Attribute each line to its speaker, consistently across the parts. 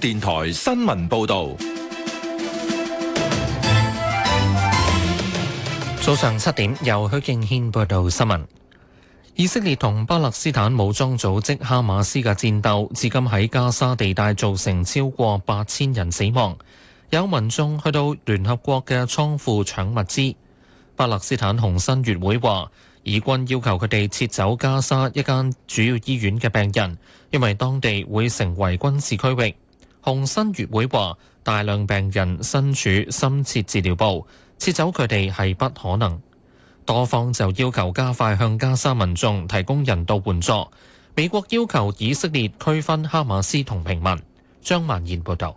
Speaker 1: 電台新聞報道：
Speaker 2: 早上七點，由許敬軒報道新聞。以色列同巴勒斯坦武裝組織哈馬斯嘅戰鬥，至今喺加沙地帶造成超過八千人死亡。有民眾去到聯合國嘅倉庫搶物資。巴勒斯坦紅新月會話，以軍要求佢哋撤走加沙一間主要醫院嘅病人，因為當地會成為軍事區域。紅新月會話：大量病人身處深切治療部，撤走佢哋係不可能。多方就要求加快向加沙民眾提供人道援助。美國要求以色列區分哈馬斯同平民。張曼燕報
Speaker 3: 導。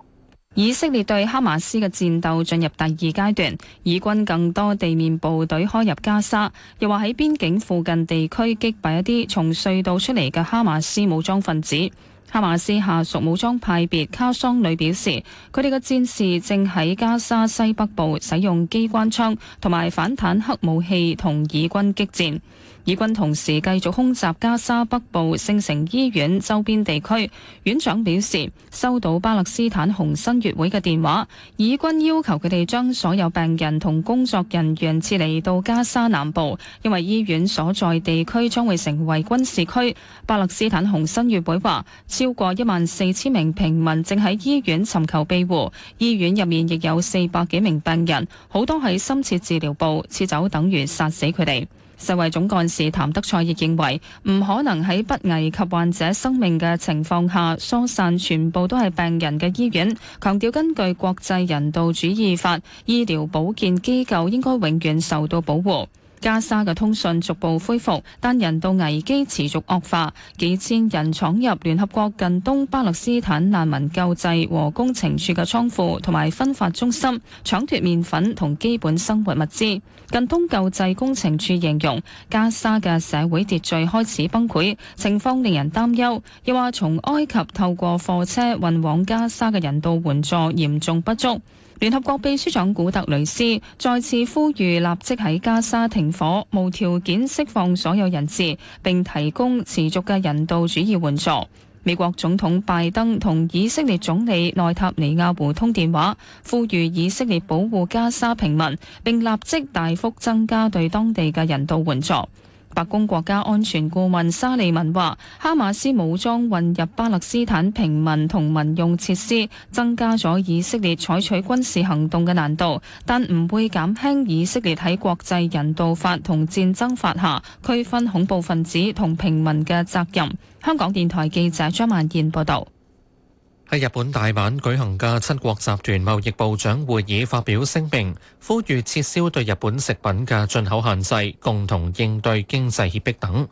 Speaker 3: 以色列對哈馬斯嘅戰鬥進入第二階段，以軍更多地面部隊開入加沙，又話喺邊境附近地區擊敗一啲從隧道出嚟嘅哈馬斯武裝分子。哈馬斯下屬武裝派別卡桑旅表示，佢哋嘅戰士正喺加沙西北部使用機關槍同埋反坦克武器同以軍激戰。以軍同時繼續空襲加沙北部聖城醫院周邊地區。院長表示收到巴勒斯坦紅新月會嘅電話，以軍要求佢哋將所有病人同工作人員撤離到加沙南部，因為醫院所在地區將會成為軍事區。巴勒斯坦紅新月會話。超過一萬四千名平民正喺醫院尋求庇護，醫院入面亦有四百幾名病人，好多喺深切治療部，撤走等於殺死佢哋。世衛總幹事譚德塞亦認為，唔可能喺不危及患者生命嘅情況下疏散全部都係病人嘅醫院，強調根據國際人道主義法，醫療保健機構應該永遠受到保護。加沙嘅通訊逐步恢復，但人道危機持續惡化。幾千人闖入聯合國近東巴勒斯坦難民救濟和工程處嘅倉庫同埋分發中心，搶奪麵粉同基本生活物資，近東救濟工程處形容加沙嘅社會秩序開始崩潰，情況令人擔憂，又話從埃及透過貨車運往加沙嘅人道援助嚴重不足。聯合國秘書長古特雷斯再次呼籲立即喺加沙停火、無條件釋放所有人質，並提供持續嘅人道主義援助。美國總統拜登同以色列總理內塔尼亞胡通電話，呼籲以色列保護加沙平民，並立即大幅增加對當地嘅人道援助。白宮國家安全顧問沙利文話，哈馬斯武裝混入巴勒斯坦平民同民用設施，增加咗以色列採取軍事行動嘅難度，但唔會減輕以色列喺國際人道法同戰爭法下區分恐怖分子同平民嘅責任。香港電台記者張曼燕報道。
Speaker 2: 喺日本大阪舉行嘅七國集團貿易部長會議發表聲明，呼籲撤銷對日本食品嘅進口限制，共同應對經濟脅迫等。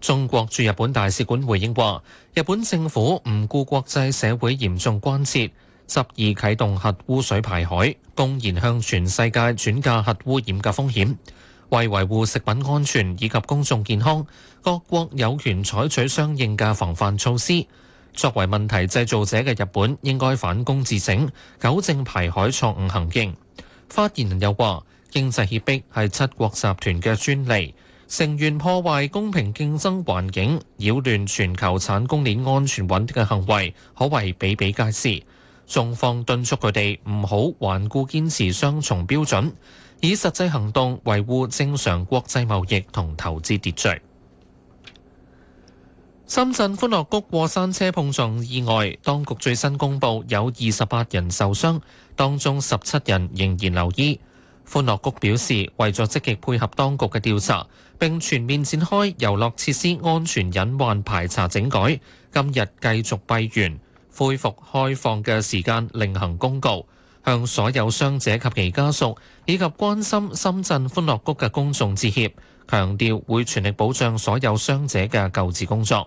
Speaker 2: 中國駐日本大使館回應話：日本政府唔顧國際社會嚴重關切，執意啟動核污水排海，公然向全世界轉嫁核污染嘅風險。為維護食品安全以及公眾健康，各國有權採取相應嘅防範措施。作為問題製造者嘅日本，應該反躬自省，糾正排海錯誤行徑。發言人又話：經濟脅迫係七國集團嘅專利，成員破壞公平競爭環境、擾亂全球產供鏈安全穩定嘅行為，可謂比比皆是。中方敦促佢哋唔好頑固堅持雙重標準，以實際行動維護正常國際貿易同投資秩序。深圳歡樂谷過山車碰撞意外，當局最新公布有二十八人受傷，當中十七人仍然留醫。歡樂谷表示，為咗積極配合當局嘅調查，並全面展開遊樂設施安全隱患排查整改，今日繼續閉園，恢復開放嘅時間另行公告。向所有傷者及其家屬，以及關心深圳歡樂谷嘅公眾致歉。強調會全力保障所有傷者嘅救治工作。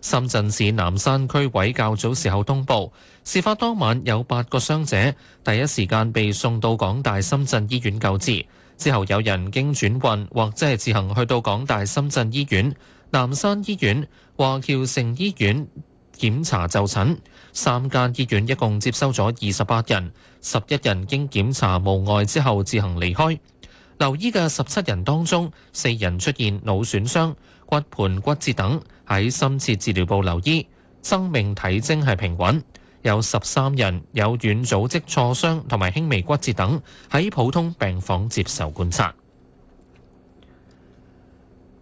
Speaker 2: 深圳市南山區委較早時候通報，事發當晚有八個傷者第一時間被送到港大深圳醫院救治，之後有人經轉運或者係自行去到港大深圳醫院、南山醫院、華僑城醫院檢查就診，三間醫院一共接收咗二十八人，十一人經檢查無礙之後自行離開。留醫嘅十七人當中，四人出現腦損傷、骨盆骨折等，喺深切治療部留醫，生命體徵係平穩。有十三人有軟組織挫傷同埋輕微骨折等，喺普通病房接受觀察。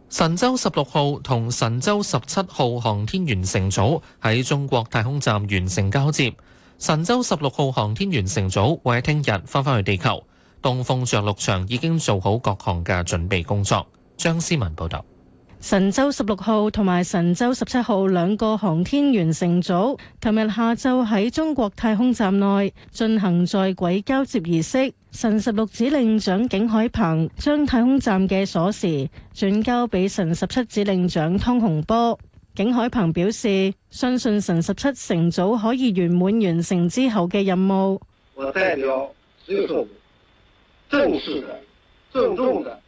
Speaker 2: 神舟十六號同神舟十七號航天員乘組喺中國太空站完成交接。神舟十六號航天員乘組會喺聽日返返去地球。東風着陸場已經做好各項嘅準備工作。張思文報道，
Speaker 4: 神舟十六號同埋神舟十七號兩個航天員乘組，琴日下晝喺中國太空站內進行在軌交接儀式。神十六指令長景海鵬將太空站嘅鎖匙轉交俾神十七指令長湯洪波。景海鵬表示，相信，信神十七乘組可以圓滿完成之後嘅任務。我
Speaker 3: 正式的、鄭重的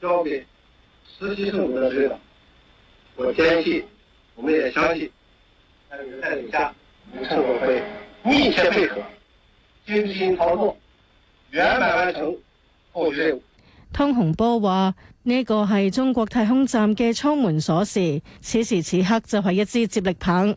Speaker 3: 交給十七組的隊
Speaker 2: 長。我堅信，我們也相信，在你們帶領下，我
Speaker 4: 們會密切配合，精心操作，圓滿完成後續任務。湯洪波話，呢個係中國太空站嘅艙門鎖匙，此時此刻就係一支接力棒。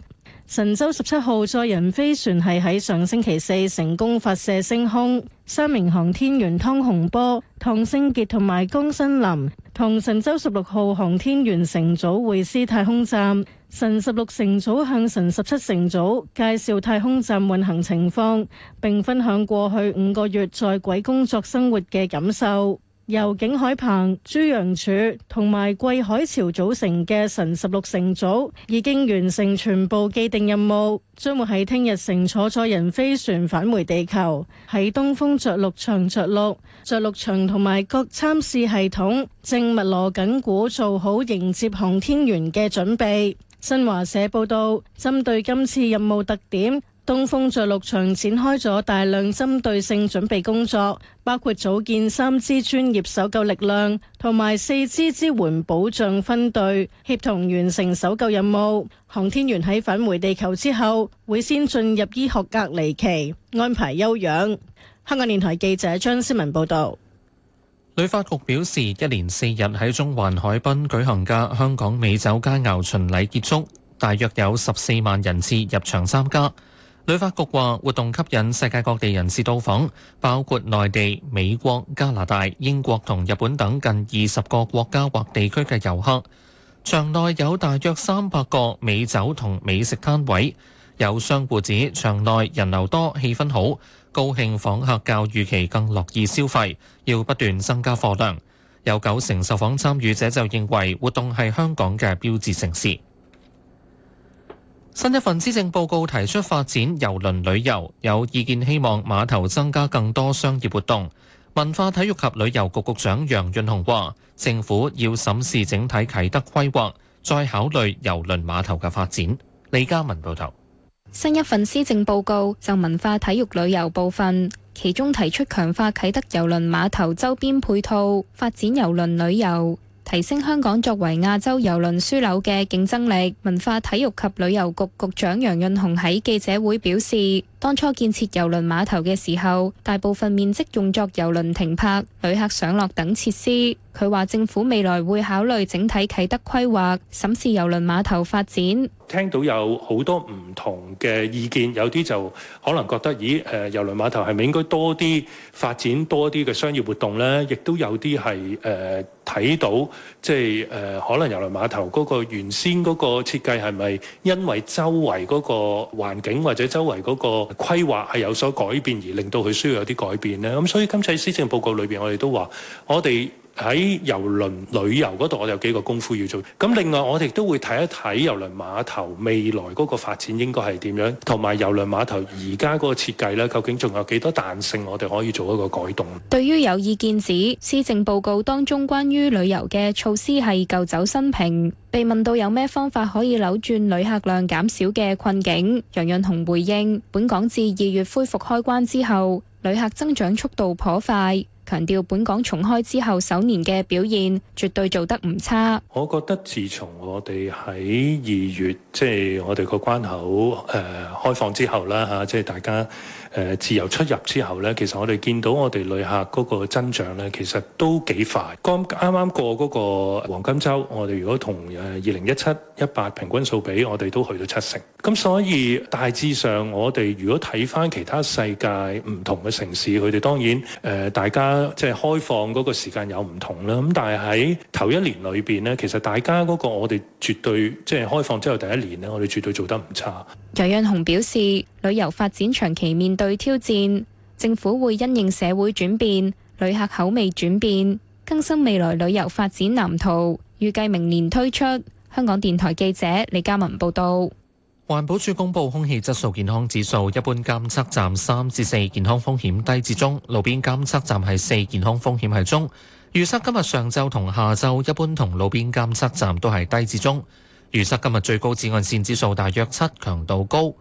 Speaker 4: 神舟十七號載人飛船係喺上星期四成功發射升空，三名航天員湯洪波、唐勝傑同埋江新林同神舟十六號航天員乘組會師太空站，神十六乘組向神十七乘組介紹太空站運行情況，並分享過去五個月在軌工作生活嘅感受。由景海鵬、朱楊柱同埋桂海潮組成嘅神十六乘組已經完成全部既定任務，將會喺聽日乘坐載人飛船返回地球。喺東風着陸場着陸，着陸場同埋各參試系統正密鑼緊鼓做好迎接航天員嘅準備。新華社報道，針對今次任務特點，東風著陸場展開咗大量針對性準備工作，包括組建三支專業搜救力量同埋四支支援保障分隊，協同完成搜救任務。航天員喺返回地球之後，會先進入醫學隔離期，安排休養。香港電台記者張思文報道。
Speaker 2: 旅發局表示，一連四日喺中環海濱舉行嘅香港美酒佳餚巡禮結束，大約有十四萬人次入場參加。旅發局話，活動吸引世界各地人士到訪，包括內地、美國、加拿大、英國同日本等近二十個國家或地區嘅遊客。場內有大約三百個美酒同美食攤位，有商戶指場內人流多、氣氛好，高興訪客較預期更樂意消費，要不斷增加貨量。有九成受訪參與者就認為活動係香港嘅標誌城市。新一份施政報告提出發展郵輪旅遊，有意見希望碼頭增加更多商業活動。文化體育及旅遊局局長楊潤雄話，政府要審視整體啟德規劃，再考慮郵輪碼頭嘅發展。李嘉文報道。
Speaker 5: 新一份施政報告就文化體育旅遊部分，其中提出強化啟德郵輪碼頭周邊配套，發展郵輪旅遊。提升香港作為亞洲郵輪樞紐嘅競爭力，文化體育及旅遊局局長楊潤雄喺記者會表示，當初建設郵輪碼頭嘅時候，大部分面積用作郵輪停泊、旅客上落等設施。佢話政府未來會考慮整體啟德規劃，審視郵輪碼頭發
Speaker 1: 展。聽到有好多唔同嘅意見，有啲就可能覺得咦誒郵輪碼頭係咪應該多啲發展多啲嘅商業活動咧，亦都有啲係誒睇到，即係誒、呃、可能郵輪碼頭 𠮶 個原先 𠮶 個設計，係咪因為周圍 𠮶 個環境或者周圍 𠮶 個規劃係有所改變，而令到佢需要有啲改變咧，咁所以今次喺施政報告裏邊，我哋都話我哋。喺遊輪旅遊嗰度，我哋有幾個功夫要做。咁另外，我哋都會睇一睇遊輪碼頭未來嗰個發展應該係點樣，同埋遊輪碼頭而家嗰個設計呢，究竟仲有幾多彈性，我哋可以做一個改動。
Speaker 5: 對於有意見指施政報告當中關於旅遊嘅措施係舊酒新瓶，被問到有咩方法可以扭轉旅客量減少嘅困境，楊潤雄回應：本港自二月恢復開關之後，旅客增長速度頗快。強調本港重開之後首年嘅表現絕對做得唔差。
Speaker 1: 我覺得自從我哋喺二月即係、就是、我哋個關口誒、呃、開放之後啦嚇，即、啊、係、就是、大家誒、呃、自由出入之後咧，其實我哋見到我哋旅客嗰個增長咧，其實都幾快。剛啱啱過嗰個黃金週，我哋如果同誒二零一七一八平均數比，我哋都去到七成。咁所以大致上，我哋如果睇返其他世界唔同嘅城市，佢哋當然誒、呃、大家。即係開放嗰個時間有唔同啦，咁但係喺頭一年裏面呢，其實大家嗰個我哋絕對即係、就是、開放之後第一年呢，我哋絕對做得唔差。
Speaker 5: 楊潤雄表示，旅遊發展長期面對挑戰，政府會因應社會轉變、旅客口味轉變，更新未來旅遊發展藍圖，預計明年推出。香港電台記者李嘉文報道。
Speaker 2: 環保署公布空氣質素健康指數，一般監測站三至四，健康風險低至中；路邊監測站係四，健康風險係中。預測今日上晝同下晝，一般同路邊監測站都係低至中。預測今日最高紫外線指數大約七，強度高。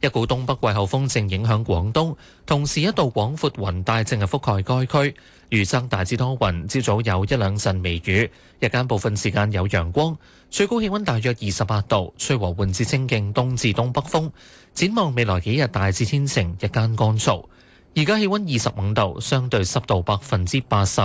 Speaker 2: 一股東北季候風正影響廣東，同時一道廣闊雲帶正係覆蓋該區，預測大致多雲，朝早有一兩陣微雨，日間部分時間有陽光，最高氣温大約二十八度，吹和緩至清勁東至東北風。展望未來幾日大致天晴，日間乾燥。而家氣温二十五度，相對濕度百分之八十。